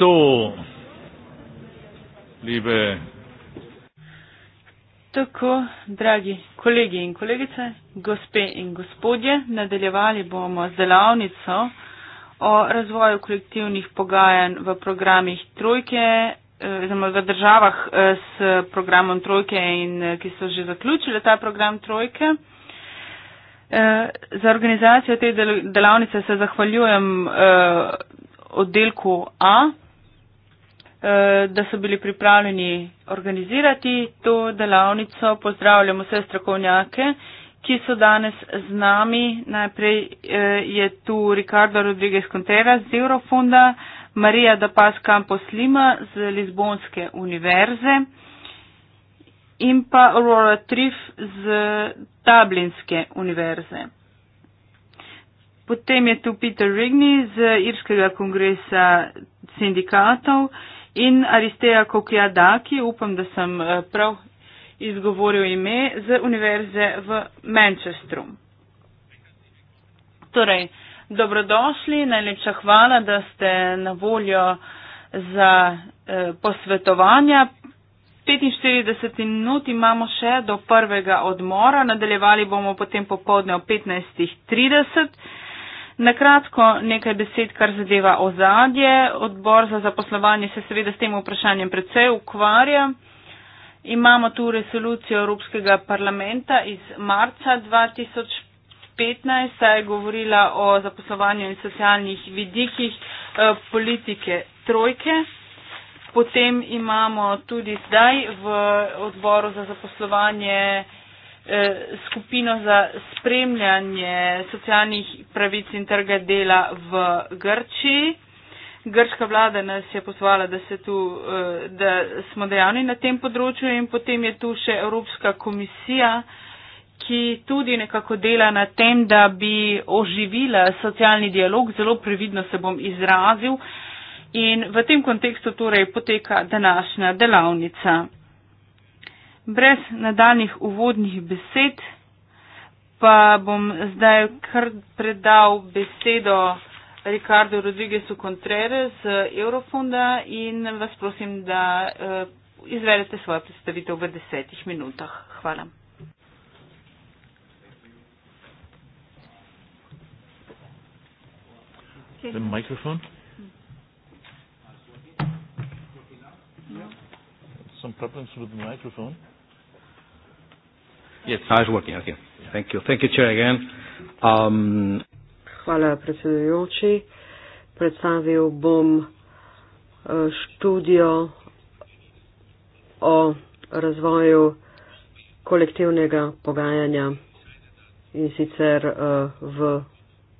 Jesu, liebe. Tako, dragi kolegi in kolegice, gospe in gospodje, nadaljevali bomo z delavnico o razvoju kolektivnih pogajanj v programih trojke, eh, oziroma v državah eh, s programom trojke in eh, ki so že zaključili ta program trojke. Za organizacijo te delavnice se zahvaljujem oddelku A, Eh, da so bili pripravljeni organizirati to delavnico. Pozdravljam vse strokovnjake, ki so danes z nami. Najprej eh, je tu Ricardo Rodriguez Contreras z Eurofonda, Marija Dapas Campos Lima z Lizbonske univerze in pa Aurora Triff z Dublinske univerze. Potem je tu Peter Rigney z Irskega kongresa sindikatov in Aristeja Kokijadaki, upam, da sem eh, prav izgovoril ime, z Univerze v Manchesteru. Torej, dobrodošli, najlepša hvala, da ste na voljo za eh, posvetovanja. 45 minut imamo še do prvega odmora, nadaljevali bomo potem popovdne o 15.30. Nakratko nekaj besed, kar zadeva ozadje. Odbor za zaposlovanje se seveda s tem vprašanjem precej ukvarja. Imamo tu resolucijo Evropskega parlamenta iz marca 2015, ta je govorila o zaposlovanju in socialnih vidikih eh, politike trojke. Potem imamo tudi zdaj v odboru za zaposlovanje Eh, skupino za spremljanje socialnih pravic in trga dela v Grčiji. Grška vlada nas je pozvala, da, eh, da smo dejavni na tem področju in potem je tu še Evropska komisija, ki tudi nekako dela na tem, da bi oživila socialni dialog. Zelo previdno se bom izrazil. In v tem kontekstu torej poteka današnja delavnica brez nadaljnih uvodnih besed, pa bom zdaj kar predal besedo Ricardo Rodriguezu Contreras, Eurofonda, in vas prosim, da uh, izvedete svojo predstavitev v desetih minutah. Hvala. The microphone. No. Some problems with the microphone. Yes, now it's working. Okay. Thank you. Thank you, Chair, again. Um, Hvala, predsedujoči. Predstavil bom eh, študijo o razvoju kolektivnega pogajanja in sicer eh, v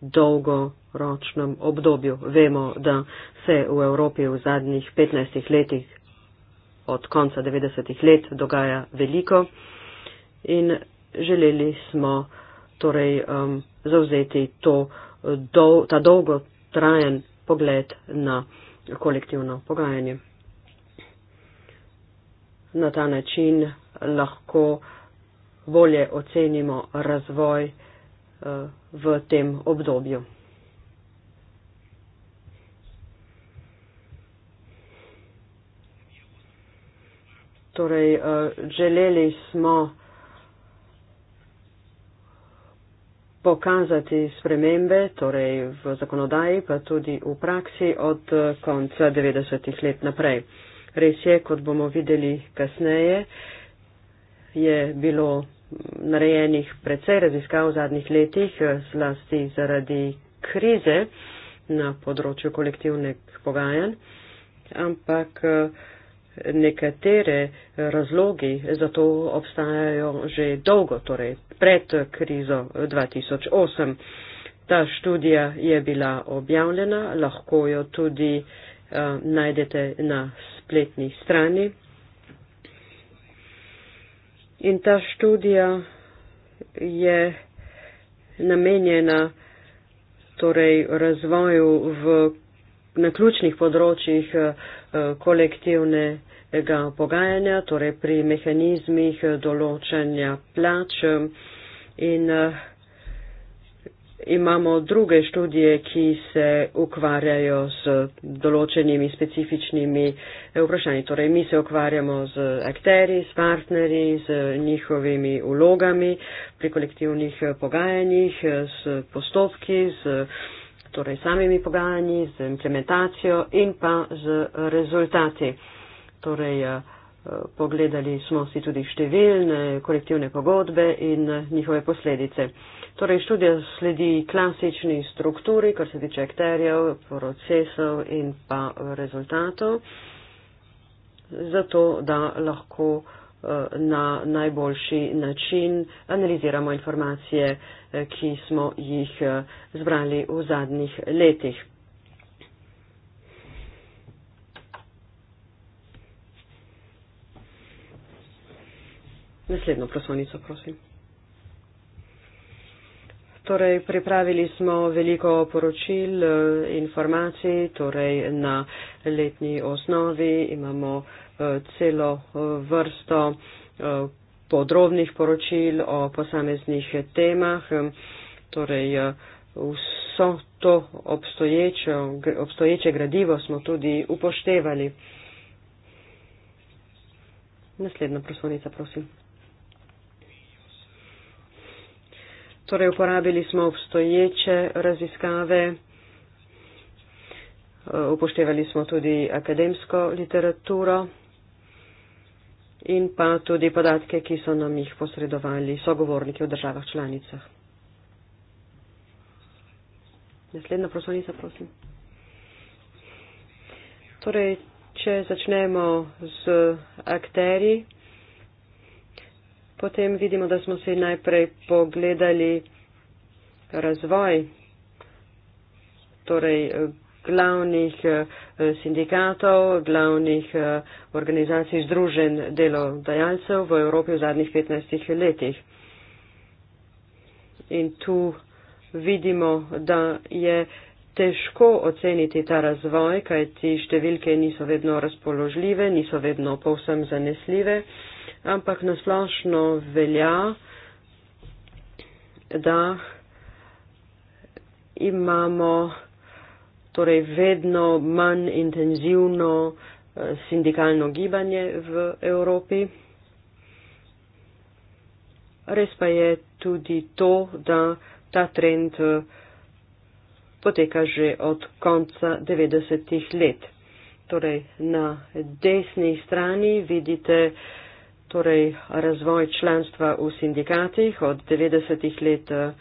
dolgoročnem obdobju. Vemo, da se v Evropi v zadnjih 15 letih od konca 90-ih let dogaja veliko in želeli smo torej um, zavzeti to, eh, dol, ta dolgotrajen pogled na kolektivno pogajanje. Na ta način lahko bolje ocenimo razvoj eh, v tem obdobju. Torej, eh, želeli smo pokazati spremembe, torej v zakonodaji, pa tudi v praksi od konca 90-ih let naprej. Res je, kot bomo videli kasneje, je bilo narejenih precej raziskav v zadnjih letih, zlasti zaradi krize na področju kolektivnih pogajanj, ampak nekatere razlogi za to obstajajo že dolgo, torej pred krizo 2008. Ta študija je bila objavljena, lahko jo tudi uh, najdete na spletni strani. In ta študija je namenjena torej, razvoju v, na ključnih področjih uh, kolektivne ga pogajanja, torej pri mehanizmih eh, določanja plač. Eh, in eh, imamo druge študije, ki se ukvarjajo z določenimi specifičnimi vprašanji. Torej, mi se ukvarjamo z akteri, s partnerji, z njihovimi ulogami pri kolektivnih pogajanjih, s postopki, s torej samimi pogajanji, z implementacijo in pa z rezultati. Torej, eh, pogledali smo si tudi številne kolektivne pogodbe in eh, njihove posledice. Torej, študija sledi klasični strukturi, kar se tiče akterjev, procesov in pa rezultatov, zato da lahko eh, na najboljši način analiziramo informacije, ki smo jih zbrali v zadnjih letih. Naslednjo prosovnico, prosim. Torej, pripravili smo veliko poročil, eh, informacij, torej na letni osnovi imamo eh, celo eh, vrsto podrobnih poročil o posameznih temah. Torej, vso to obstoječo, obstoječe gradivo smo tudi upoštevali. Naslednja proslovnica, prosim. Torej uporabili smo obstoječe raziskave, eh, upoštevali smo tudi akademsko literaturo in pa tudi podatke, ki so nam jih posredovali sogovorniki v državah članicah. Naslednja prosonica, prosim. Torej, če začnemo z akteri potem vidimo, da smo si najprej pogledali razvoj torej, eh, glavnih eh, sindikatov, glavnih eh, organizacij združen delodajalcev v Evropi v zadnjih 15 letih. In tu vidimo, da je težko oceniti ta razvoj, kajti številke niso vedno razpoložljive, niso vedno povsem zanesljive ampak nasplošno velja, da imamo torej vedno manj intenzivno eh, sindikalno gibanje v Evropi. Res pa je tudi to, da ta trend eh, poteka že od konca 90-ih let. Torej, na desni strani vidite uh, torej razvoj članstva v sindikatih od 90-ih let eh,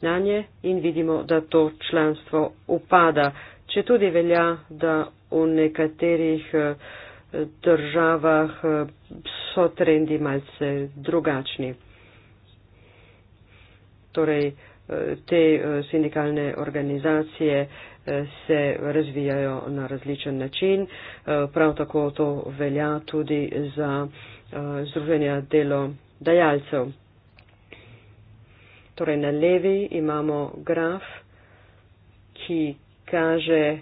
na nje in vidimo, da to članstvo upada. Če tudi velja, da v nekaterih eh, državah eh, so trendi malce drugačni. Torej, te eh, sindikalne organizacije eh, se razvijajo na različen način. Eh, prav tako to velja tudi za združenja delo dajalcev. Torej na levi imamo graf, ki kaže,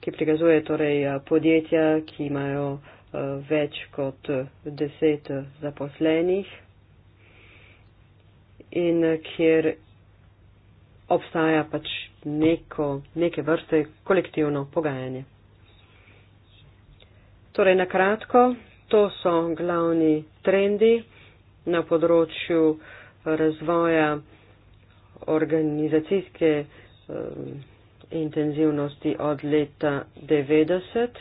ki prikazuje torej podjetja, ki imajo več kot deset zaposlenih in kjer obstaja pač neko, neke vrste kolektivno pogajanje. Torej, na kratko, to so glavni trendi na področju eh, razvoja organizacijske eh, intenzivnosti od leta 90.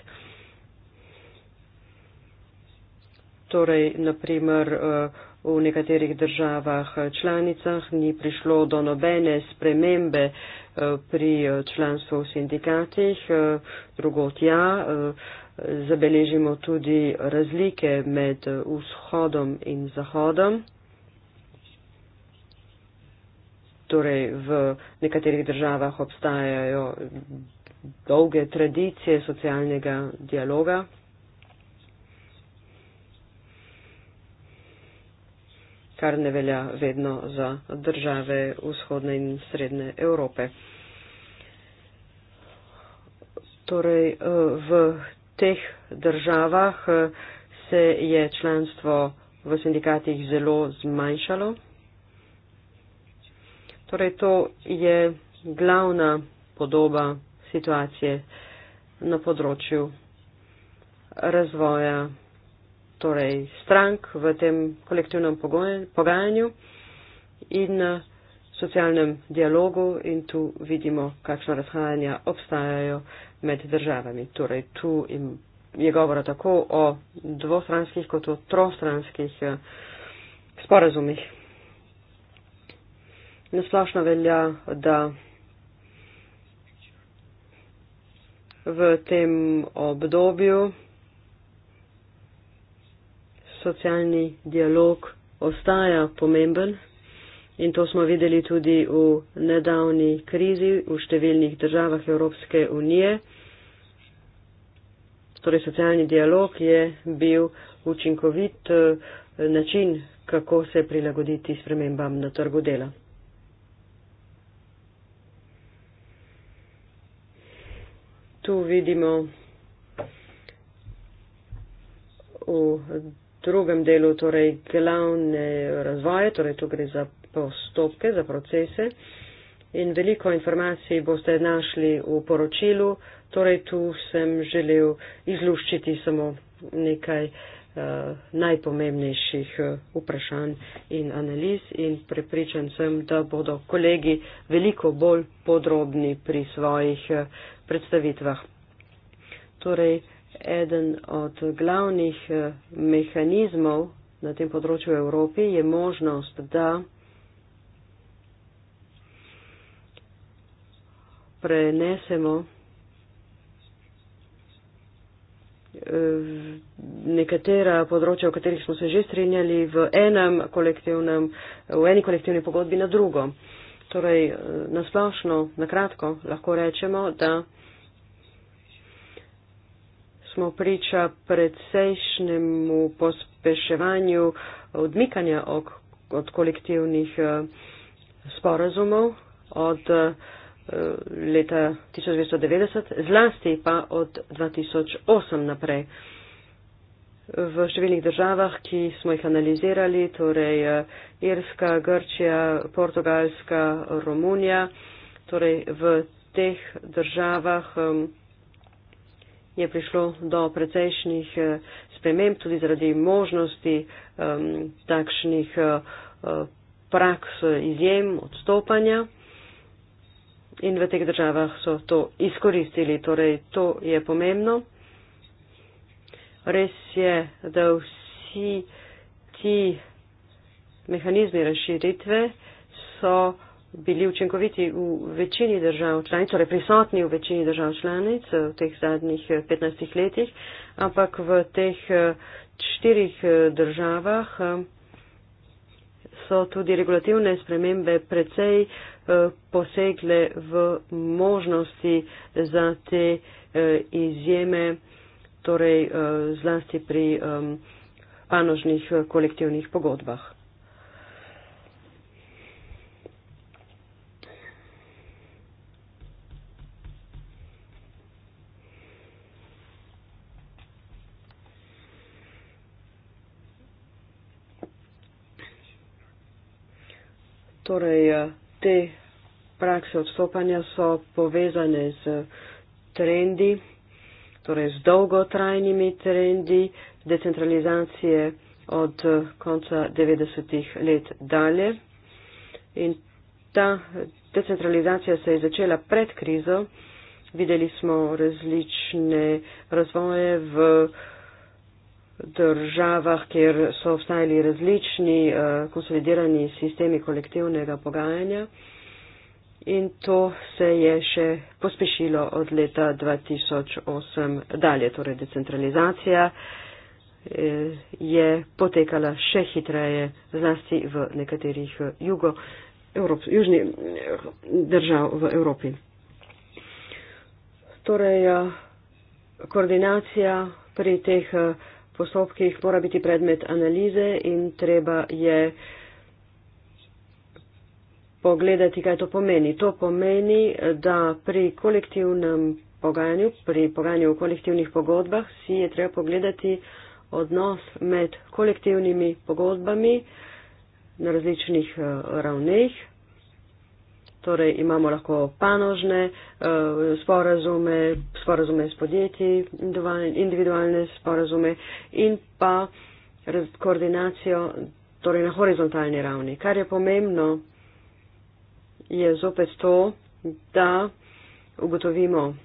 Torej, naprimer, eh, v nekaterih državah članicah ni prišlo do nobene spremembe eh, pri eh, članstvu v sindikatih, eh, drugot ja, zabeležimo tudi razlike med vzhodom in zahodom. Torej, v nekaterih državah obstajajo dolge tradicije socialnega dialoga, kar ne velja vedno za države vzhodne in srednje Evrope. Torej, eh, v teh državah eh, se je članstvo v sindikatih zelo zmanjšalo. Torej, to je glavna podoba situacije na področju razvoja torej strank v tem kolektivnem pogajanju in eh, socialnem dialogu in tu vidimo, kakšna razhajanja obstajajo med državami. Torej, tu je govora tako o dvostranskih kot o trostranskih eh, sporazumih. Nasplošno velja, da v tem obdobju socialni dialog ostaja pomemben in to smo videli tudi v nedavni krizi v številnih državah Evropske unije. Torej, socialni dialog je bil učinkovit eh, način, kako se prilagoditi spremembam na trgu dela. Tu vidimo v drugem delu, torej glavne razvoje, torej tu gre za postopke, za procese. In veliko informacij boste našli v poročilu, torej tu sem želel izluščiti samo nekaj eh, najpomembnejših eh, vprašanj in analiz in prepričan sem, da bodo kolegi veliko bolj podrobni pri svojih eh, predstavitvah. Torej, Eden od glavnih eh, mehanizmov na tem področju v Evropi je možnost, da prenesemo eh, nekatera področja, o katerih smo se že strinjali, v, v eni kolektivni pogodbi na drugo. Torej, eh, nasplošno, na kratko, lahko rečemo, da smo priča predsejšnjemu pospeševanju odmikanja od, od kolektivnih eh, sporazumov od eh, leta 1990, zlasti pa od 2008 naprej. V številnih državah, ki smo jih analizirali, torej eh, Irska, Grčija, Portugalska, Romunija, torej v teh državah um, je prišlo do precejšnjih eh, sprememb tudi zaradi možnosti um, takšnih uh, praks izjem odstopanja in v teh državah so to izkoristili. Torej, to je pomembno. Res je, da vsi ti mehanizmi razširitve so bili učinkoviti v večini držav članic, torej prisotni v večini držav članic eh, v teh zadnjih 15 eh, letih, ampak v teh eh, štirih državah so tudi regulativne spremembe precej posegle v možnosti za te izjeme, torej zlasti pri panožnih kolektivnih pogodbah. torej eh, te prakse odstopanja so povezane z trendi, torej z dolgotrajnimi trendi decentralizacije od eh, konca 90-ih let dalje. In ta decentralizacija se je začela pred krizo. Videli smo različne razvoje v uh, državah, kjer so obstajali različni eh, konsolidirani sistemi kolektivnega pogajanja. In to se je še pospešilo od leta 2008 dalje, torej decentralizacija eh, je potekala še hitreje, zlasti v nekaterih eh, jugo, Evrop, južni držav v Evropi. Torej, koordinacija pri teh postopkih mora biti predmet analize in treba je pogledati, kaj to pomeni. To pomeni, da pri kolektivnem pogajanju, pri pogajanju v kolektivnih pogodbah si je treba pogledati odnos med kolektivnimi pogodbami na različnih eh, ravneh torej imamo lahko panožne eh, sporazume, sporazume s podjetji, individualne sporazume in pa koordinacijo torej na horizontalni ravni. Kar je pomembno, je zopet to, da ugotovimo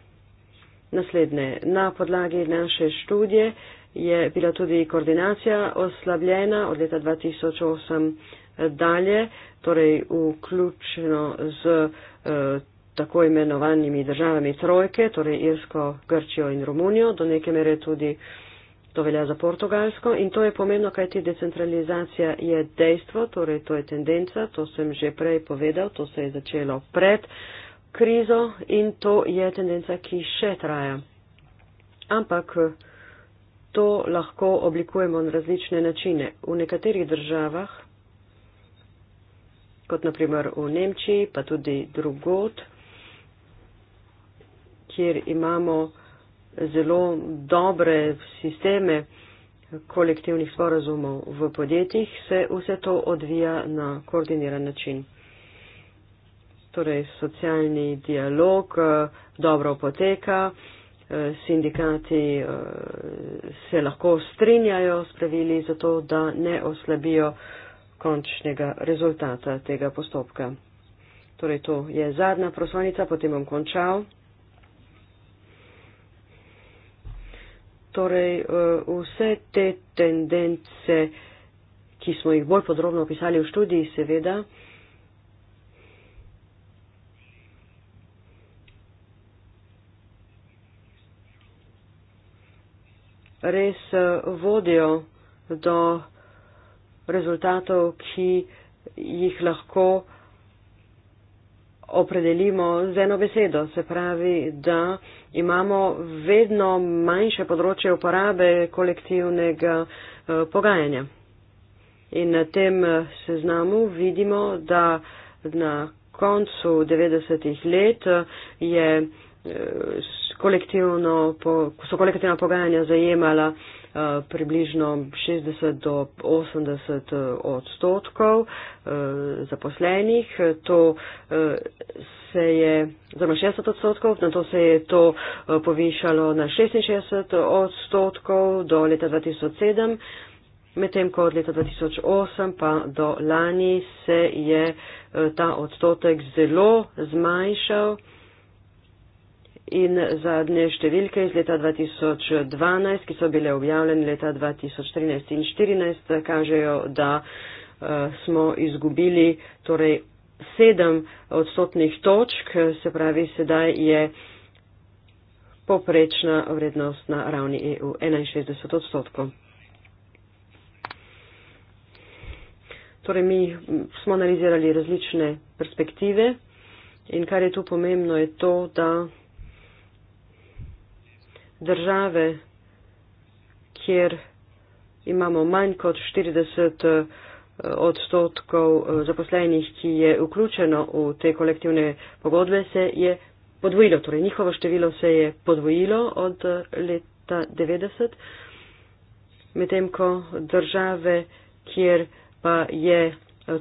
naslednje. Na podlagi naše študije je bila tudi koordinacija oslabljena od leta 2008 dalje, torej vključeno z eh, tako imenovanimi državami trojke, torej Irsko, Grčijo in Romunijo, do neke mere tudi to velja za Portugalsko in to je pomembno, kaj ti decentralizacija je dejstvo, torej to je tendenca, to sem že prej povedal, to se je začelo pred krizo in to je tendenca, ki še traja. Ampak eh, to lahko oblikujemo na različne načine. V nekaterih državah kot naprimer v Nemčiji, pa tudi drugot, kjer imamo zelo dobre sisteme kolektivnih sporazumov v podjetjih, se vse to odvija na koordiniran način. Torej, socialni dialog eh, dobro poteka, eh, sindikati eh, se lahko strinjajo s pravili za to, da ne oslabijo končnega rezultata tega postopka. Torej, to je zadnja prosonica, potem bom končal. Torej, eh, vse te tendence, ki smo jih bolj podrobno opisali v študiji, seveda, res eh, vodijo do rezultatov, ki jih lahko opredelimo z eno besedo. Se pravi, da imamo vedno manjše področje uporabe kolektivnega eh, pogajanja. In na tem eh, seznamu vidimo, da na koncu 90-ih let eh, je kolektivno, so kolektivna pogajanja zajemala Eh, približno 60 do 80 eh, odstotkov eh, zaposlenih. To se je, oziroma 60 odstotkov, na to se je to povišalo na 66 odstotkov do leta 2007. Medtem, ko od leta 2008 pa do lani se je ta odstotek zelo zmanjšal in zadnje številke iz leta 2012, ki so bile objavljene leta 2013 in 2014, kažejo, da eh, smo izgubili torej sedem odstotnih točk, se pravi, sedaj je poprečna vrednost na ravni EU 61 odstotkov. Torej, mi smo analizirali različne perspektive in kar je tu pomembno, je to, da države, kjer imamo manj kot 40 eh, odstotkov eh, zaposlenih, ki je vključeno v te kolektivne pogodbe, se je podvojilo. Torej, njihovo število se je podvojilo od eh, leta 90, medtem ko države, kjer pa je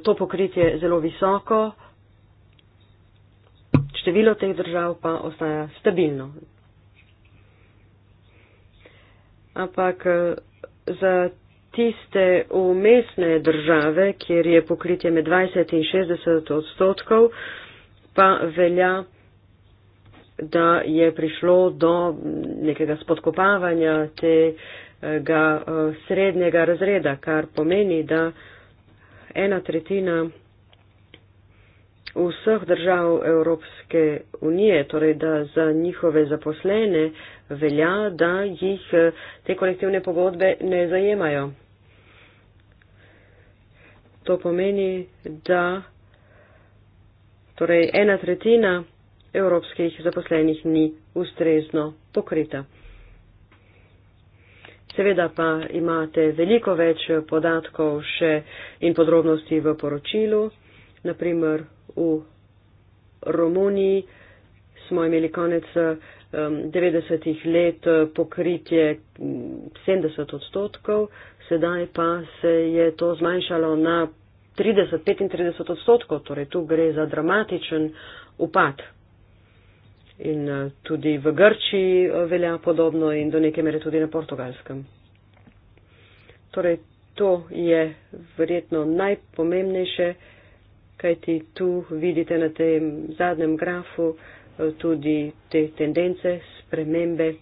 to pokritje zelo visoko, število teh držav pa ostaja stabilno ampak eh, za tiste umestne države, kjer je pokritje med 20 in 60 odstotkov, pa velja, da je prišlo do nekega spodkopavanja tega eh, srednjega razreda, kar pomeni, da ena tretjina vseh držav Evropske unije, torej da za njihove zaposlene velja, da jih eh, te kolektivne pogodbe ne zajemajo. To pomeni, da torej ena tretjina evropskih zaposlenih ni ustrezno pokrita. Seveda pa imate veliko več podatkov še in podrobnosti v poročilu, naprimer v Romuniji smo imeli konec 90-ih um, let eh, pokritje 70 mm, odstotkov, sedaj pa se je to zmanjšalo na 30-35 odstotkov, torej tu gre za dramatičen upad. In eh, tudi v Grčiji eh, velja podobno in do neke mere tudi na portugalskem. Torej, to je verjetno najpomembnejše kajti tu vidite na tem zadnjem grafu eh, tudi te tendence, spremembe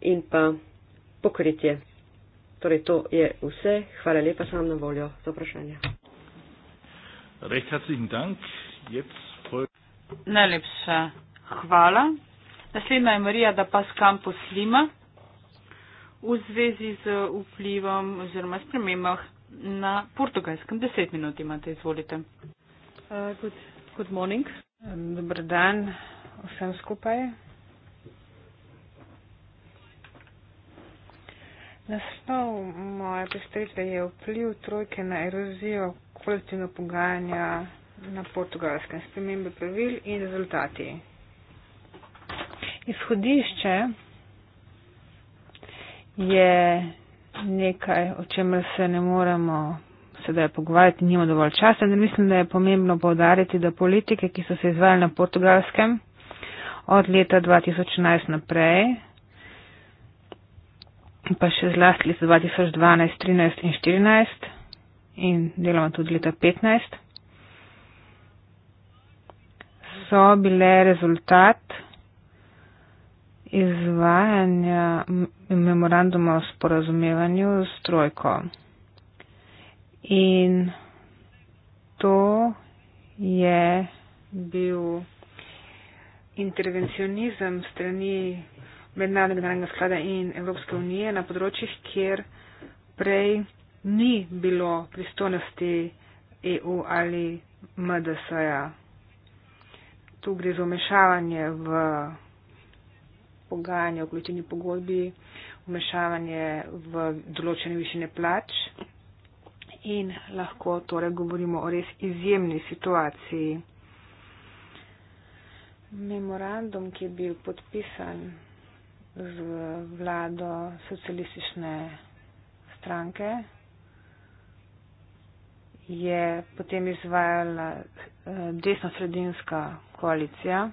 in pa pokritje. Torej, to je vse. Hvala lepa, sem na voljo za vprašanje. Najlepša hvala. Naslednja je Marija da pas kampus Lima v zvezi z vplivom oziroma spremembah na portugalskem. Deset minut imate, izvolite. Uh, good, good morning. Um, Dobar dan vsem skupaj. Nasnov moje predstavitve je vpliv trojke na erozijo kolektivno pogajanja na portugalskem spremembe pravil in rezultati. Izhodišče je nekaj, o čemer se ne moremo sedaj pogovarjati, nima dovolj časa, ampak mislim, da je pomembno povdariti, da politike, ki so se izvajale na portugalskem od leta 2011 naprej, pa še zlasti leta 2012, 2013 in 2014 in deloma tudi leta 2015, so bile rezultat izvajanja memoranduma o sporazumevanju s trojko. In to je bil intervencionizem strani Mednarodnega denarnega sklada in Evropske unije na področjih, kjer prej ni bilo pristojnosti EU ali MDS-ja. Tu gre za umešavanje v pogajanja, vključeni pogodbi, vmešavanje v določene višine plač in lahko torej govorimo o res izjemni situaciji. Memorandum, ki je bil podpisan z vlado socialistične stranke, je potem izvajala eh, desno-sredinska koalicija.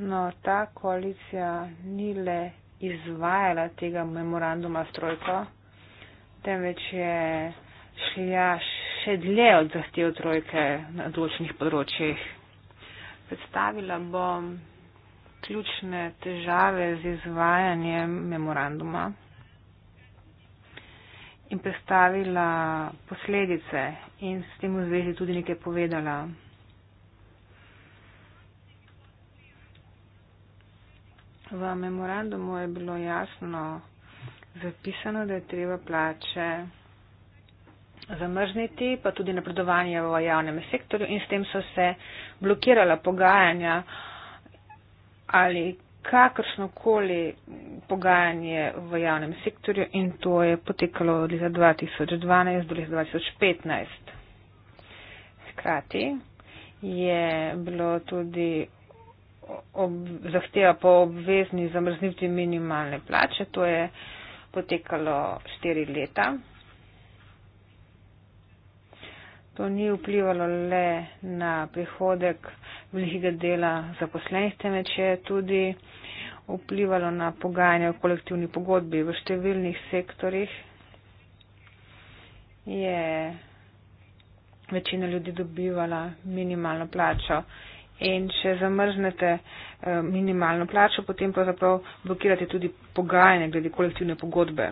No, ta koalicija ni le izvajala tega memoranduma s trojko, temveč je šla še dlje od zahtev trojke na določenih področjih. Predstavila bom ključne težave z izvajanjem memoranduma in predstavila posledice in s tem v zvezi tudi nekaj povedala. V memorandumu je bilo jasno zapisano, da je treba plače zamrzniti, pa tudi napredovanje v javnem sektorju in s tem so se blokirala pogajanja ali kakršnokoli pogajanje v javnem sektorju in to je potekalo od leta 2012 do leta 2015. Hkrati je bilo tudi ob, zahteva po obvezni zamrznitvi minimalne plače. To je potekalo štiri leta. To ni vplivalo le na prihodek velikega dela zaposlenih, temveč je tudi vplivalo na pogajanje v kolektivni pogodbi v številnih sektorjih. Je večina ljudi dobivala minimalno plačo. In če zamrznete eh, minimalno plačo, potem pravzaprav blokirate tudi pogajanje glede kolektivne pogodbe.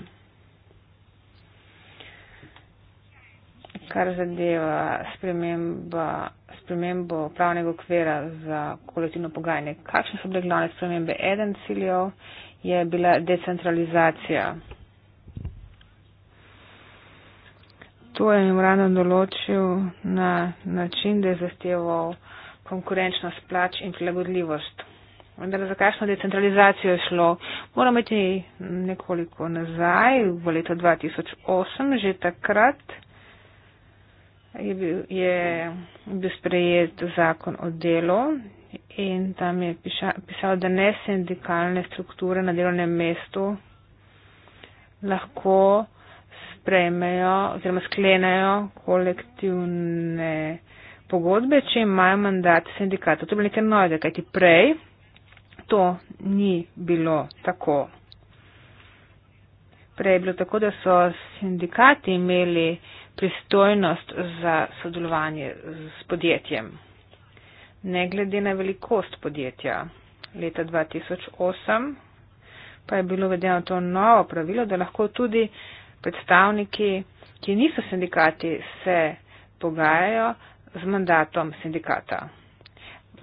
Kar zadeva sprememba, spremembo pravnega okvira za kolektivno pogajanje. Kakšne so bile glavne spremembe? Eden ciljev je bila decentralizacija. To je memorandum določil na način, da je zahteval konkurenčnost plač in prilagodljivost. Vendar za kakšno decentralizacijo je šlo? Moramo iti nekoliko nazaj, v leto 2008, že takrat je bil, je bil sprejet zakon o delu in tam je piša, pisal, da ne sindikalne strukture na delovnem mestu lahko sprejmejo oziroma sklenejo kolektivne pogodbe, če imajo mandat sindikata. To je bilo nekaj novega, kajti prej to ni bilo tako. Prej je bilo tako, da so sindikati imeli pristojnost za sodelovanje s podjetjem, ne glede na velikost podjetja. Leta 2008 pa je bilo vedeno to novo pravilo, da lahko tudi predstavniki, ki niso sindikati, se pogajajo, z mandatom sindikata.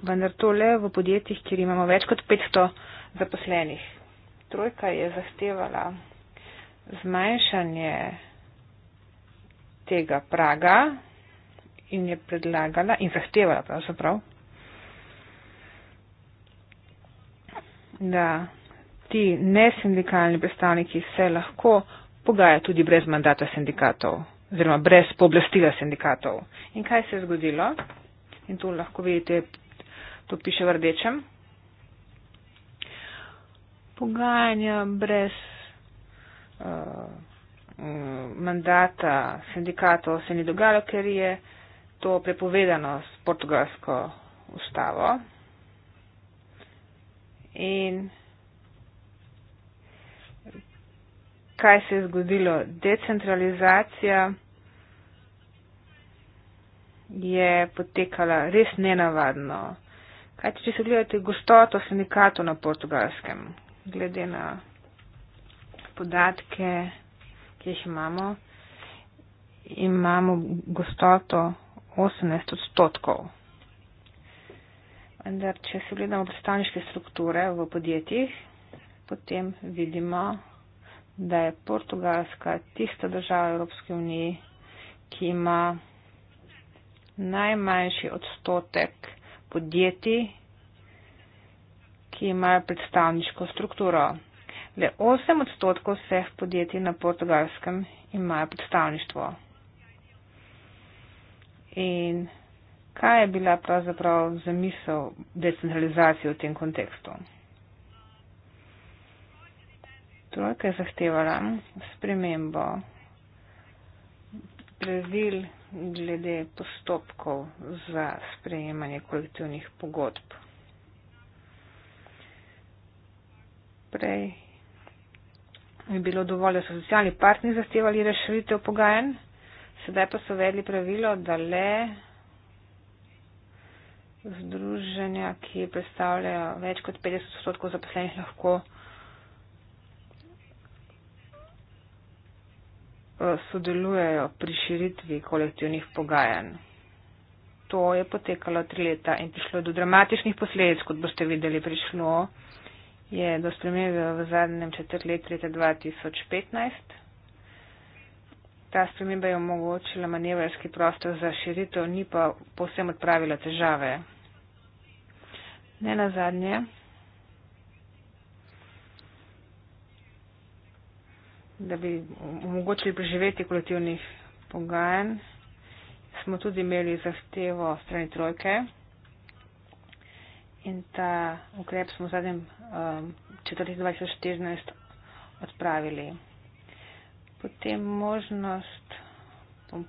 Vendar to le v podjetjih, kjer imamo več kot 500 zaposlenih. Trojka je zahtevala zmanjšanje tega praga in je predlagala in zahtevala pravzaprav, da ti nesindikalni predstavniki se lahko pogaja tudi brez mandata sindikatov oziroma brez pooblastila sindikatov. In kaj se je zgodilo? In tu lahko vidite, to piše v rdečem. Pogajanja brez uh, mandata sindikatov se ni dogajalo, ker je to prepovedano s portugalsko ustavo. In kaj se je zgodilo? Decentralizacija je potekala res nenavadno. Kaj če se gledate gostoto sindikato na portugalskem, glede na podatke, ki jih imamo, imamo gostoto 18 odstotkov. Vendar, če se gledamo predstavniške strukture v podjetjih, potem vidimo, da je Portugalska tista država v Evropski uniji, ki ima najmanjši odstotek podjetij, ki imajo predstavniško strukturo. Le 8 odstotkov vseh podjetij na portugalskem imajo predstavništvo. In kaj je bila pravzaprav zamisel decentralizacije v tem kontekstu? Trojka je zahtevala spremembo. Brazil glede postopkov za sprejemanje kolektivnih pogodb. Prej je bilo dovolj, da so socialni partni zahtevali rešitev pogajanj, sedaj pa so vedli pravilo, da le združenja, ki predstavljajo več kot 50 odstotkov zaposlenih, lahko sodelujejo pri širitvi kolektivnih pogajanj. To je potekalo tri leta in prišlo je do dramatičnih posledic, kot boste videli, prišlo je do spremembe v zadnjem četrtletju leta 2015. Ta sprememba je omogočila manevrski prostor za širitev, ni pa povsem odpravila težave. Ne na zadnje, da bi omogočili preživeti kolektivnih pogajanj, smo tudi imeli zahtevo strani trojke in ta ukrep smo v zadnjem um, četrti 2014 odpravili. Potem možnost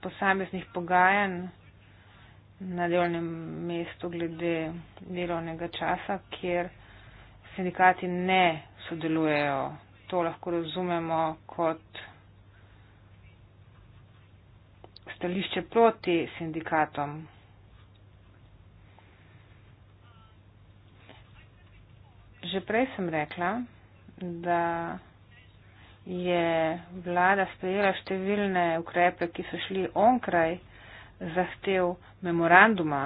posameznih pogajanj na delovnem mestu glede delovnega časa, kjer sindikati ne sodelujejo to lahko razumemo kot stališče proti sindikatom. Že prej sem rekla, da je vlada sprejela številne ukrepe, ki so šli onkraj zahtev memoranduma.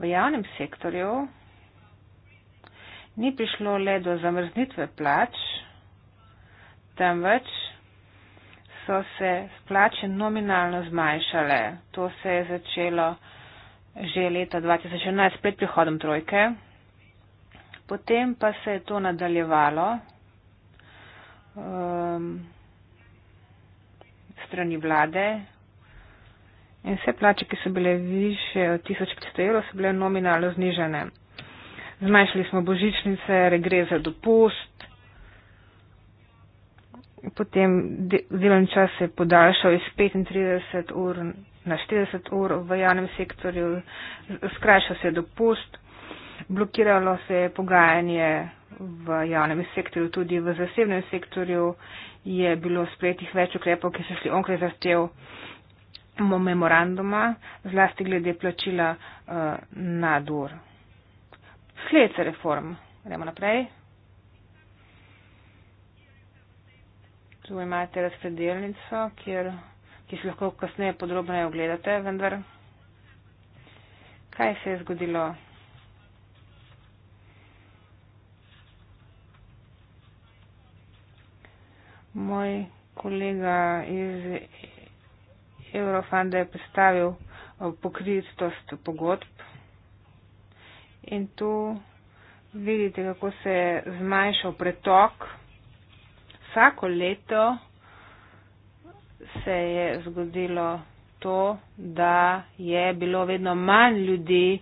V javnem sektorju ni prišlo le do zamrznitve plač, temveč so se plače nominalno zmanjšale. To se je začelo že leta 2011 pred prihodom trojke. Potem pa se je to nadaljevalo um, strani vlade in vse plače, ki so bile više od 1500 evrov, so bile nominalno znižene zmanjšali smo božičnice, regres za dopust. Potem delovni čas se je podaljšal iz 35 ur na 40 ur v javnem sektorju, skrajšal se je dopust, blokiralo se je pogajanje v javnem sektorju, tudi v zasebnem sektorju je bilo sprejetih več ukrepov, ki so šli onkraj zahtev memoranduma, zlasti glede plačila uh, eh, na dvor sled reform. Gremo naprej. Tu imate razpredelnico, kjer, ki si lahko kasneje podrobneje ogledate, vendar kaj se je zgodilo? Moj kolega iz Eurofanda je predstavil pokritost pogodb in tu vidite, kako se je zmanjšal pretok. Vsako leto se je zgodilo to, da je bilo vedno manj ljudi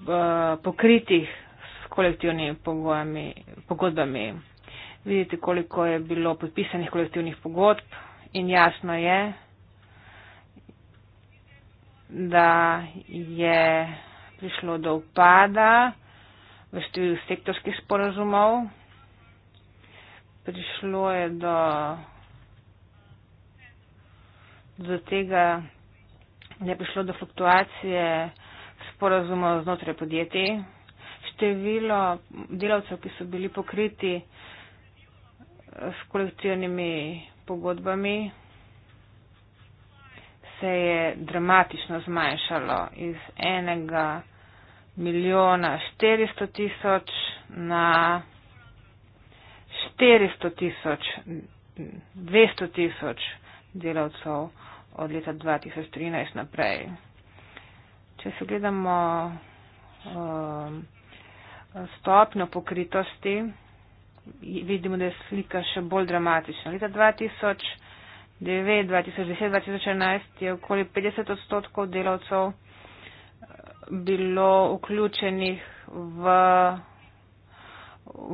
eh, pokritih s kolektivnimi pogojami, pogodbami. Vidite, koliko je bilo podpisanih kolektivnih pogodb in jasno je, da je prišlo do upada v številu sektorskih sporazumov, prišlo je do, do tega, da je prišlo do fluktuacije sporazumov znotraj podjetij, število delavcev, ki so bili pokriti eh, s kolektivnimi pogodbami se je dramatično zmanjšalo iz enega milijona 400 tisoč na 400 tisoč, 200 tisoč delavcev od leta 2013 naprej. Če se gledamo um, stopno pokritosti, vidimo, da je slika še bolj dramatična. Leta 2009, 2010, 2011 je okoli 50 odstotkov delavcev bilo vključenih v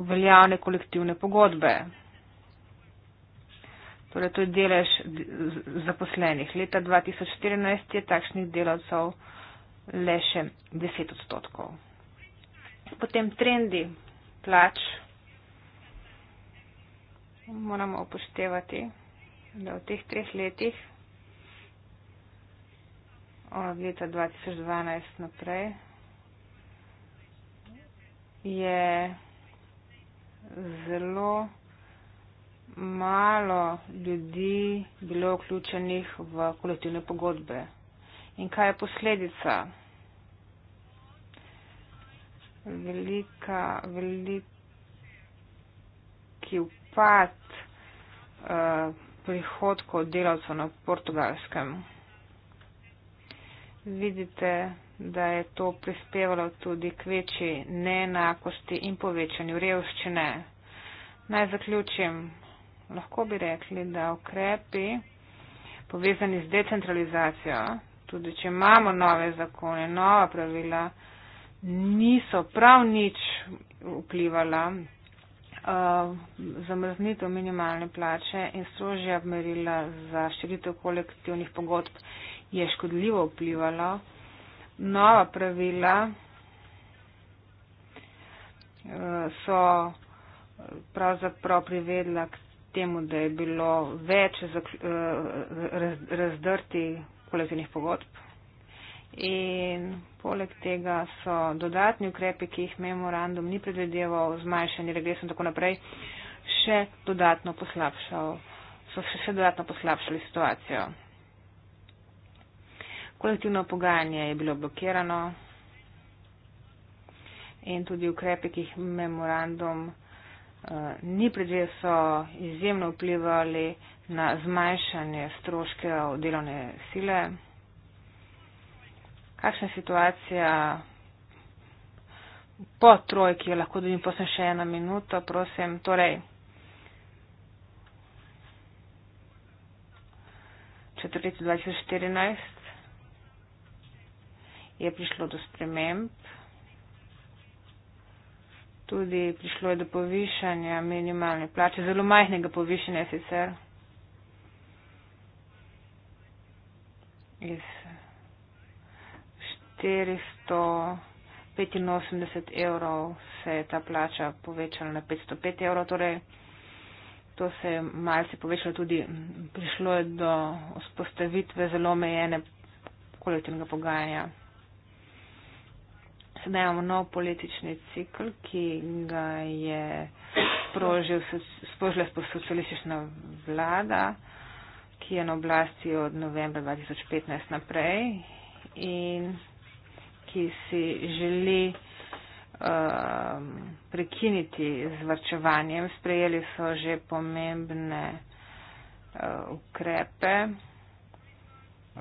veljavne kolektivne pogodbe. Torej, to je delež zaposlenih. Leta 2014 je takšnih delavcev le še 10 odstotkov. Potem trendi plač moramo upoštevati, da v teh treh letih od leta 2012 naprej je zelo malo ljudi bilo vključenih v kolektivne pogodbe. In kaj je posledica? Velika, veliki upad uh, prihodkov delavcev na portugalskem vidite, da je to prispevalo tudi k večji neenakosti in povečanju revščine. Naj zaključim. Lahko bi rekli, da ukrepi povezani z decentralizacijo, tudi če imamo nove zakone, nova pravila, niso prav nič vplivala uh, zamrznitev minimalne plače in strožja merila za širitev kolektivnih pogodb je škodljivo vplivalo. Nova pravila eh, so pravzaprav privedla k temu, da je bilo več eh, razdrti kolektivnih pogodb. In poleg tega so dodatni ukrepi, ki jih memorandum ni predvideval, zmanjšanje regresa in tako naprej, še dodatno poslabšal, so še, še dodatno poslabšali situacijo. Kolektivno pogajanje je bilo blokirano in tudi ukrepe, ki jih memorandum eh, ni predvidel, so izjemno vplivali na zmanjšanje stroške delovne sile. Kakšna situacija po trojki, lahko dobim posem še eno minuto, prosim. Torej, četrti 2014 je prišlo do sprememb. Tudi prišlo je do povišanja minimalne plače, zelo majhnega povišanja sicer. Iz 485 evrov se je ta plača povečala na 505 evrov, torej to se je malce povečalo tudi. Prišlo je do vzpostavitve zelo omejene kolektivnega pogajanja sedaj imamo nov politični cikl, ki ga je sprožil, sprožila socialistična vlada, ki je na oblasti od novembra 2015 naprej in ki si želi um, prekiniti z vrčevanjem. Sprejeli so že pomembne uh, ukrepe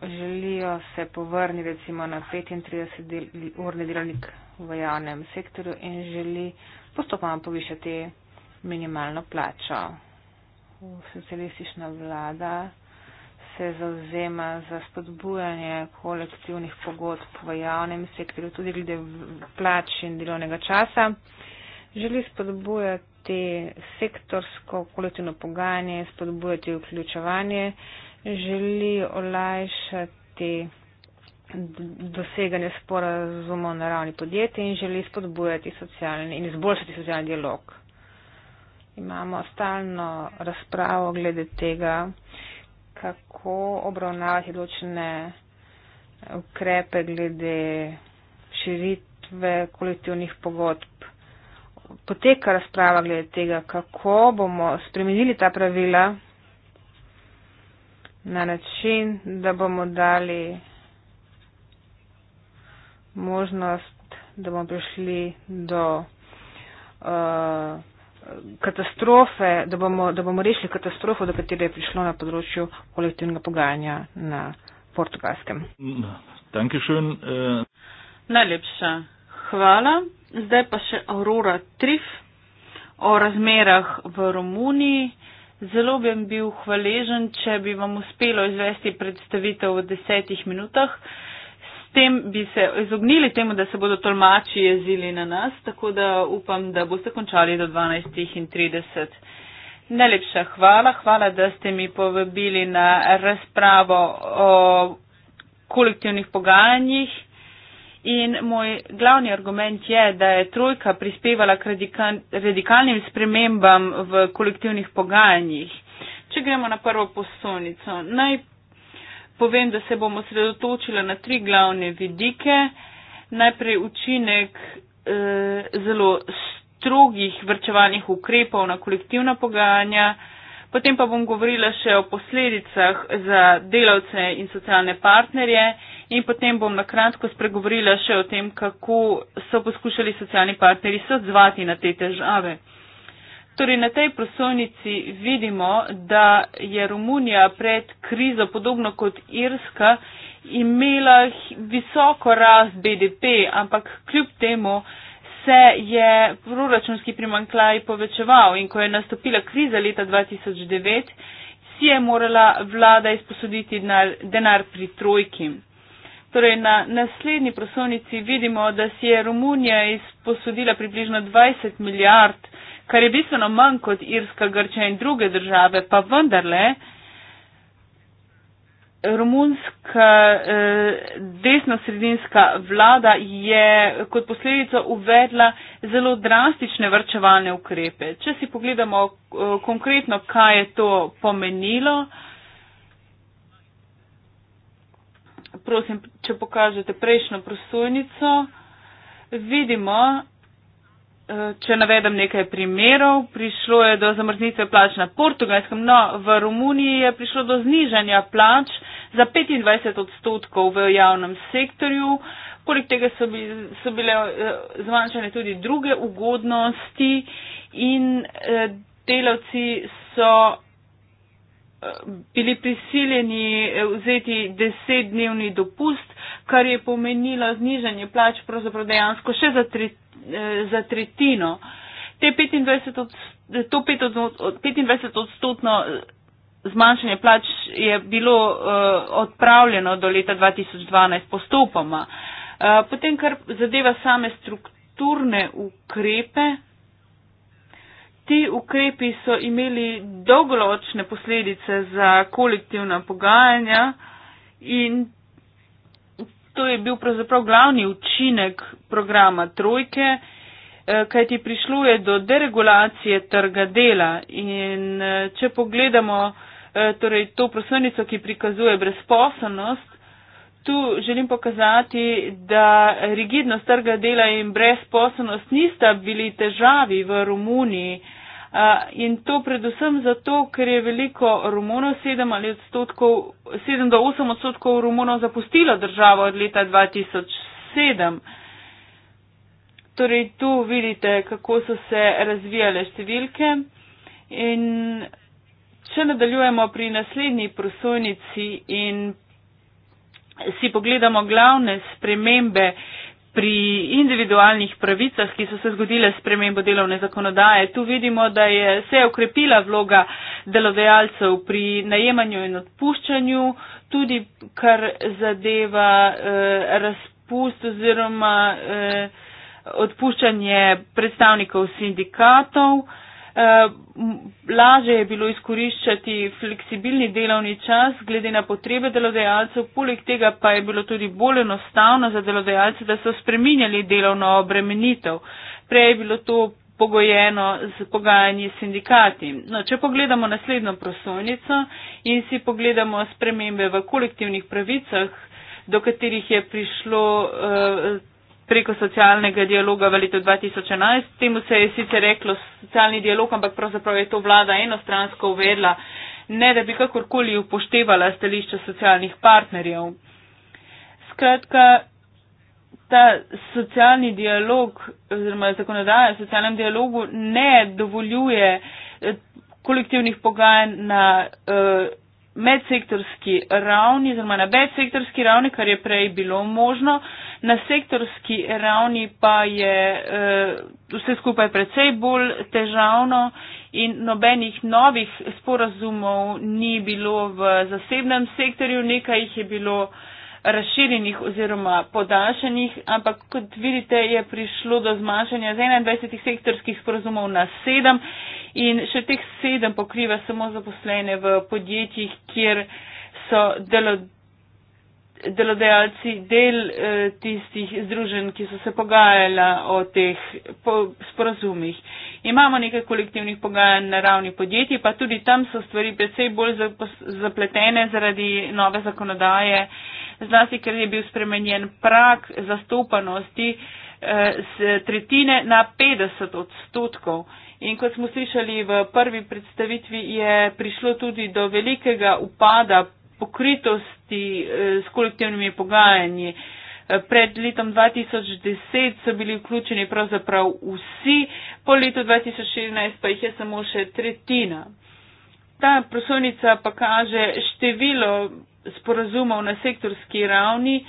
želijo se povrniti recimo na 35 del, urni delovnik v javnem sektorju in želi postopoma povišati minimalno plačo. Socialistična vlada se zauzema za spodbujanje kolektivnih pogodb v javnem sektorju, tudi glede plač in delovnega časa. Želi spodbujati sektorsko kolektivno pogajanje, spodbujati vključevanje želi olajšati doseganje sporazumov na ravni podjetij in želi spodbujati socialni in izboljšati socialni dialog. Imamo stalno razpravo glede tega, kako obravnavati določene ukrepe glede širitve kolektivnih pogodb. Poteka razprava glede tega, kako bomo spremenili ta pravila, na način, da bomo dali možnost, da bomo prišli do uh, katastrofe, da bomo, da bomo rešili katastrofo, do katere je prišlo na področju kolektivnega pogajanja na portugalskem. Schön, uh... Eh. Najlepša hvala. Zdaj pa še Aurora Trif o razmerah v Romuniji. Zelo bi bil hvaležen, če bi vam uspelo izvesti predstavitev v desetih minutah. S tem bi se izognili temu, da se bodo tolmači jezili na nas, tako da upam, da boste končali do 12.30. Najlepša hvala, hvala, da ste mi povabili na razpravo o kolektivnih pogajanjih. In moj glavni argument je, da je trojka prispevala k radika radikalnim spremembam v kolektivnih pogajanjih. Če gremo na prvo poslovnico, naj povem, da se bomo sredotočila na tri glavne vidike. Najprej učinek e, zelo strogih vrčevalnih ukrepov na kolektivna pogajanja, potem pa bom govorila še o posledicah za delavce in socialne partnerje in potem bom na kratko spregovorila še o tem, kako so poskušali socialni partneri se odzvati na te težave. Torej, na tej prosojnici vidimo, da je Romunija pred krizo, podobno kot Irska, imela visoko rast BDP, ampak kljub temu se je proračunski primankljaj povečeval in ko je nastopila kriza leta 2009, si je morala vlada izposoditi denar pri trojki. Torej, na naslednji prosovnici vidimo, da si je Romunija izposodila približno 20 milijard, kar je bistveno manj kot Irska, Grča in druge države, pa vendarle romunska eh, desno-sredinska vlada je kot posledico uvedla zelo drastične vrčevalne ukrepe. Če si pogledamo eh, konkretno, kaj je to pomenilo, eh, prosim, če pokažete prejšnjo prosojnico, vidimo, eh, če navedem nekaj primerov, prišlo je do zamrznitve plač na portugalskem, no, v Romuniji je prišlo do znižanja plač za 25 odstotkov v javnem sektorju. Poleg tega so, bi, so bile eh, zmanjšane tudi druge ugodnosti in eh, delavci so bili prisiljeni eh, vzeti desetdnevni dopust, kar je pomenilo znižanje plač pravzaprav dejansko še za, tri, eh, za tretjino. Te 25 odstotno eh, zmanjšanje plač je bilo odpravljeno do leta 2012 postopoma. Potem, kar zadeva same strukturne ukrepe, ti ukrepi so imeli dolgoročne posledice za kolektivna pogajanja in to je bil pravzaprav glavni učinek programa Trojke, eh, kajti prišlo je do deregulacije trga dela in eh, če pogledamo eh, torej, to prosojnico, ki prikazuje brezposobnost, Tu želim pokazati, da rigidnost trga dela in brezposobnost nista bili težavi v Romuniji In to predvsem zato, ker je veliko Romunov, 7, 7 do 8 odstotkov Romunov zapustilo državo od leta 2007. Torej, tu vidite, kako so se razvijale številke. In če nadaljujemo pri naslednji prosojnici in si pogledamo glavne spremembe, pri individualnih pravicah, ki so se zgodile s premembo delovne zakonodaje. Tu vidimo, da je se okrepila vloga delodajalcev pri najemanju in odpuščanju, tudi kar zadeva eh, razpust oziroma eh, odpuščanje predstavnikov sindikatov. Eh, Eh, Laže je bilo izkoriščati fleksibilni delovni čas glede na potrebe delodajalcev, poleg tega pa je bilo tudi bolj enostavno za delodajalce, da so spreminjali delovno obremenitev. Prej je bilo to pogojeno z pogajanji sindikati. No, če pogledamo naslednjo prosojnico in si pogledamo spremembe v kolektivnih pravicah, do katerih je prišlo. Uh, preko socialnega dialoga v letu 2011. Temu se je sicer reklo socialni dialog, ampak pravzaprav je to vlada enostransko uvedla, ne da bi kakorkoli upoštevala stališča socialnih partnerjev. Skratka, ta socialni dialog oziroma zakonodaja o socialnem dialogu ne dovoljuje eh, kolektivnih pogajanj na. Uh, medsektorski ravni, oziroma na medsektorski ravni, kar je prej bilo možno, na sektorski ravni pa je uh, vse skupaj precej bolj težavno in nobenih novih sporazumov ni bilo v zasebnem sektorju, nekaj jih je bilo uh, razširjenih oziroma podaljšanih, ampak kot vidite je prišlo do zmanjšanja z 21 sektorskih sporozumov na 7 in še teh 7 pokriva samo zaposlene v podjetjih, kjer so delodajalci delodajalci del eh, tistih združenj, ki so se pogajala o teh po, sporazumih. Imamo nekaj kolektivnih pogajanj na ravni podjetij, pa tudi tam so stvari predvsej bolj zapletene zaradi nove zakonodaje, zlasti ker je bil spremenjen prak zastopanosti eh, z tretjine na 50 odstotkov. In kot smo slišali v prvi predstavitvi, je prišlo tudi do velikega upada pokritosti eh, s kolektivnimi pogajanji. Eh, pred letom 2010 so bili vključeni pravzaprav vsi, po letu 2016 pa jih je samo še tretjina. Ta prosovnica pa kaže število sporazumov na sektorski ravni,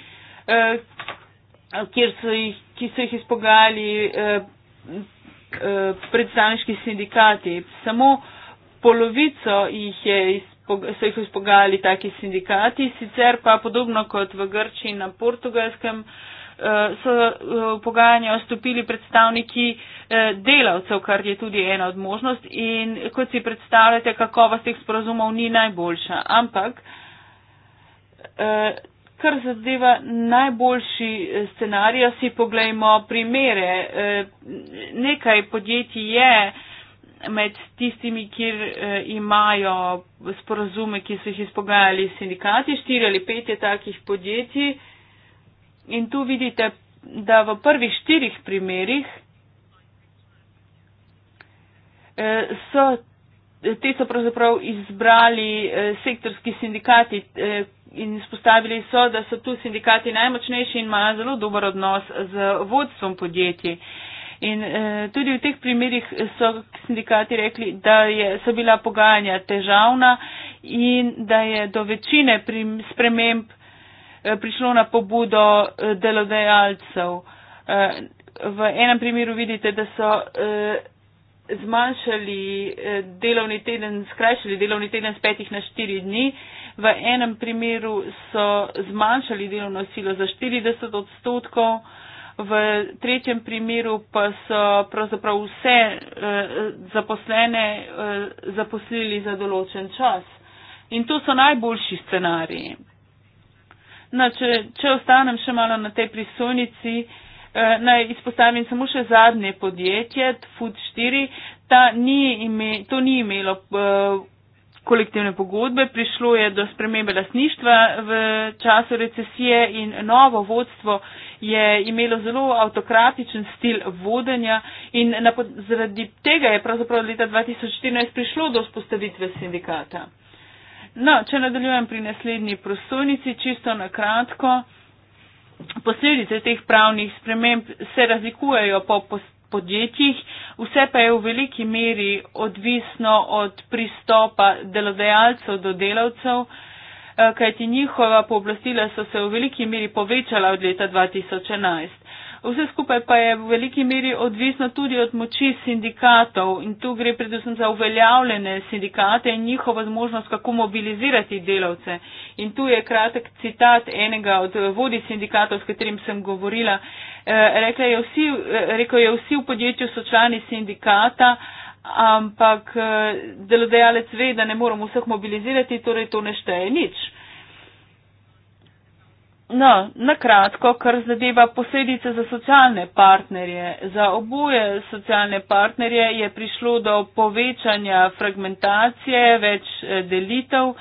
eh, kjer so jih, ki so jih izpogajali predstavniški sindikati. Samo polovico jih je izpogajali so jih izpogajali taki sindikati, sicer pa podobno kot v Grči in na Portugalskem eh, so eh, v pogajanje vstopili predstavniki eh, delavcev, kar je tudi ena od možnosti in kot si predstavljate, kakovost teh sporazumov ni najboljša, ampak kar zadeva najboljši scenarij, si poglejmo primere. Nekaj podjetij je med tistimi, kjer eh, imajo sporazume, ki so jih izpogajali sindikati, štiri ali pet je takih podjetij. In tu vidite, da v prvih štirih primerjih eh, so te so pravzaprav izbrali eh, sektorski sindikati eh, in izpostavili so, da so tu sindikati najmočnejši in imajo zelo dober odnos z vodstvom podjetij. Eh, In eh, tudi v teh primerjih so sindikati rekli, da je, so bila pogajanja težavna in da je do večine sprememb eh, prišlo na pobudo eh, delodajalcev. Eh, v enem primeru vidite, da so. Eh, zmanjšali eh, delovni teden, skrajšali delovni teden z petih na štiri dni. V enem primeru so zmanjšali delovno silo za 40 odstotkov, uh, v tretjem primeru pa so pravzaprav vse eh, zaposlene eh, zaposlili za določen čas. In to so najboljši scenariji. No, če, če ostanem še malo na tej prisunici, eh, naj izpostavim samo še zadnje podjetje, Food 4, ni ime, to ni imelo. Eh, kolektivne pogodbe, prišlo je do spremembe lasništva v času recesije in novo vodstvo je imelo zelo avtokratičen stil vodenja in zaradi tega je pravzaprav leta 2014 prišlo do spostavitve sindikata. No, če nadaljujem pri naslednji prosojnici, čisto na kratko, posledice teh pravnih sprememb se razlikujejo po postavitvi podjetjih, vse pa je v veliki meri odvisno od pristopa delodajalcev do delavcev, eh, kajti njihova pooblastila so se v veliki meri povečala od leta 2011. Vse skupaj pa je v veliki meri odvisno tudi od moči sindikatov in tu gre predvsem za uveljavljene sindikate in njihovo zmožnost, kako mobilizirati delavce. In tu je kratek citat enega od vodi sindikatov, s katerim sem govorila, Eh, rekla je vsi, eh, rekel je vsi v podjetju so člani sindikata, ampak eh, delodajalec ve, da ne moramo vseh mobilizirati, torej to ne šteje nič. No, na kratko, kar zadeva posledice za socialne partnerje. Za oboje socialne partnerje je prišlo do povečanja fragmentacije, več delitev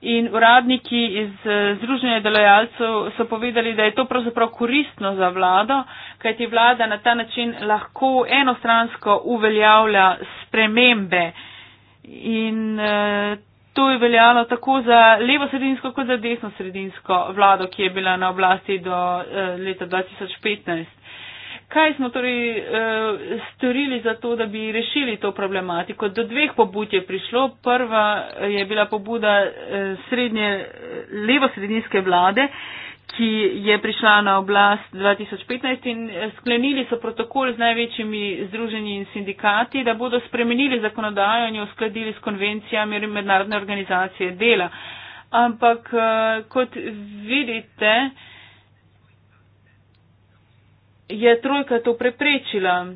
in uradniki iz eh, Združenja delojalcev so povedali, da je to pravzaprav koristno za vlado, kajti vlada na ta način lahko enostransko uveljavlja spremembe. In eh, to je veljalo tako za levo-sredinsko kot za desno-sredinsko vlado, ki je bila na oblasti do eh, leta 2015. Kaj smo torej uh, storili za to, da bi rešili to problematiko? Do dveh pobud je prišlo. Prva eh, je bila pobuda eh, srednje, levosredinske vlade, ki je prišla na oblast 2015 in sklenili so protokol z največjimi združenji in sindikati, da bodo spremenili zakonodajo in jo uskladili s konvencijami mednarodne organizacije dela. Ampak uh, kot vidite, uh, je trojka to preprečila.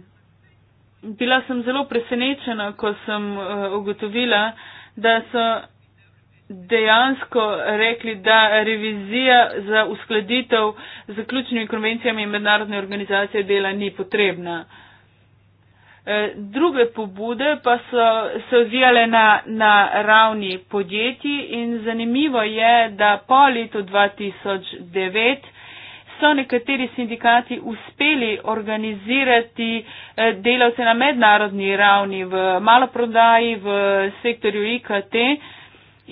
Bila sem zelo presenečena, ko sem uh, ugotovila, da so dejansko rekli, da revizija za uskladitev z zaključnimi konvencijami mednarodne organizacije dela ni potrebna. Eh, druge pobude pa so se odvijale na, na ravni podjetij in zanimivo je, da po letu 2009 so nekateri sindikati uspeli organizirati eh, delavce na mednarodni ravni v maloprodaji, v sektorju IKT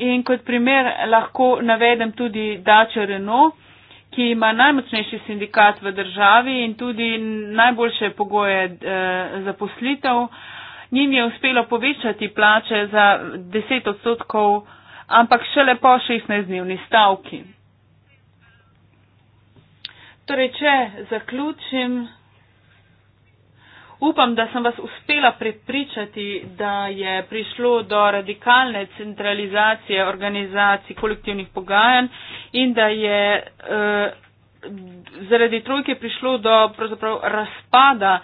in kot primer lahko navedem tudi Dačo Renault ki ima najmočnejši sindikat v državi in tudi najboljše pogoje eh, za poslitev. Njim je uspelo povečati plače za 10 odstotkov, ampak šele po 16-dnevni stavki. Torej, če zaključim, upam, da sem vas uspela prepričati, da je prišlo do radikalne centralizacije organizacij kolektivnih pogajanj in da je eh, zaradi trojke prišlo do razpada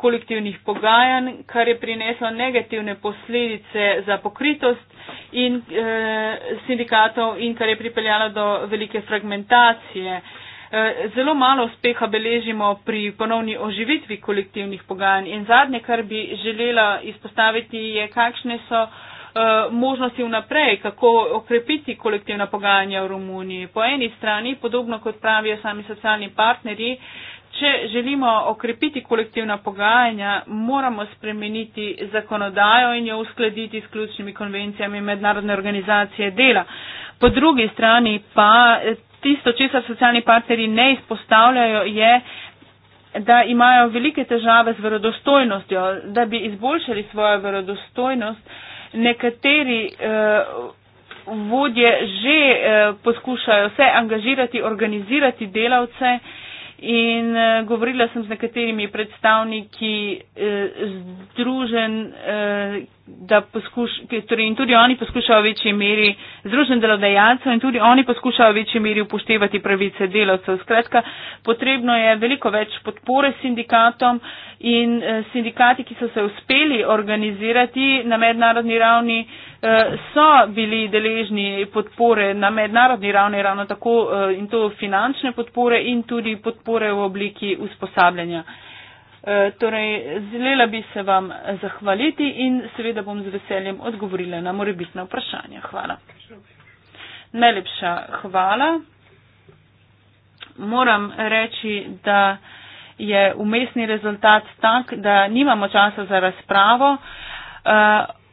kolektivnih pogajanj, kar je prineslo negativne posledice za pokritost in, eh, sindikatov in kar je pripeljalo do velike fragmentacije. Eh, Eh, zelo malo uspeha beležimo pri ponovni oživitvi kolektivnih pogajanj. In zadnje, kar bi želela izpostaviti, je, kakšne so eh, možnosti vnaprej, kako okrepiti kolektivna pogajanja v Romuniji. Po eni strani, podobno kot pravijo sami socialni partnerji, če želimo okrepiti kolektivna pogajanja, moramo spremeniti zakonodajo in jo uskladiti s ključnimi konvencijami mednarodne organizacije dela. Po drugi strani pa tisto, česar socialni partneri ne izpostavljajo, je, da imajo velike težave z verodostojnostjo. Da bi izboljšali svojo verodostojnost, nekateri eh, vodje že eh, poskušajo se angažirati, organizirati delavce. In uh, govorila sem z nekaterimi predstavniki uh, eh, združen, uh, eh, da poskušajo, torej in tudi oni poskušajo v večji meri združen delodajalca in tudi oni poskušajo v večji meri upoštevati pravice delavcev. Skratka, potrebno je veliko več podpore sindikatom in eh, sindikati, ki so se uspeli organizirati na mednarodni ravni, eh, so bili deležni podpore na mednarodni ravni ravno tako eh, in to finančne podpore in tudi podpore v obliki usposabljanja. E, torej, želela bi se vam zahvaliti in seveda bom z veseljem odgovorila na morebitna vprašanja. Hvala. Najlepša hvala. Moram reči, da je umestni rezultat tak, da nimamo časa za razpravo. Uh,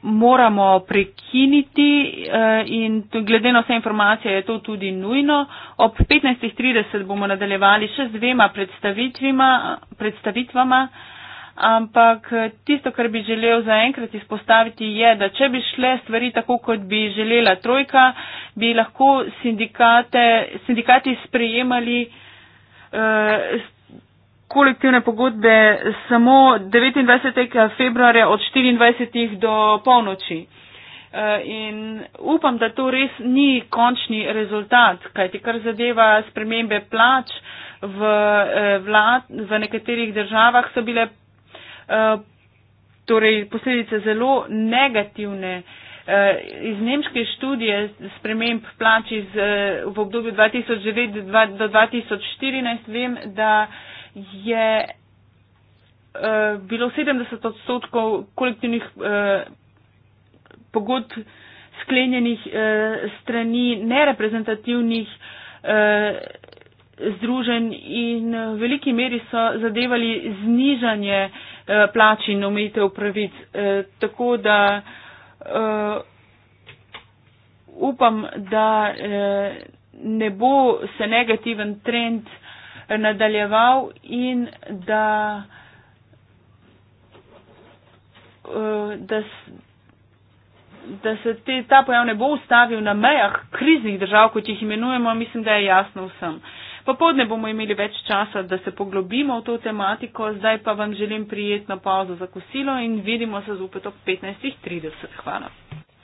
moramo prekiniti eh, in glede na vse informacije je to tudi nujno. Ob 15.30 bomo nadaljevali še z dvema predstavitvama, ampak eh, tisto, kar bi želel zaenkrat izpostaviti, je, da če bi šle stvari tako, kot bi želela trojka, bi lahko sindikate, sindikati sprejemali. Uh, kolektivne pogodbe samo 29. februarja od 24. do polnoči. E, in upam, da to res ni končni rezultat, kajti kar zadeva spremembe plač v, e, vlad, v nekaterih državah, so bile e, torej, posledice zelo negativne. Iz nemške študije sprememb plač iz, v obdobju 2009 do 2014 vem, da je eh, bilo 70 odstotkov kolektivnih eh, pogodb sklenjenih eh, strani nereprezentativnih združen in v veliki meri so zadevali znižanje plač in omejitev pravic. Tako da upam, da ne bo se negativen trend nadaljeval in da, eh, da, da se te, ta pojav ne bo ustavil na mejah kriznih držav, kot jih imenujemo, mislim, da je jasno vsem. Popodne bomo imeli več časa, da se poglobimo v to tematiko, zdaj pa vam želim prijetno pauzo za kosilo in vidimo se zopet ob 15.30. Hvala.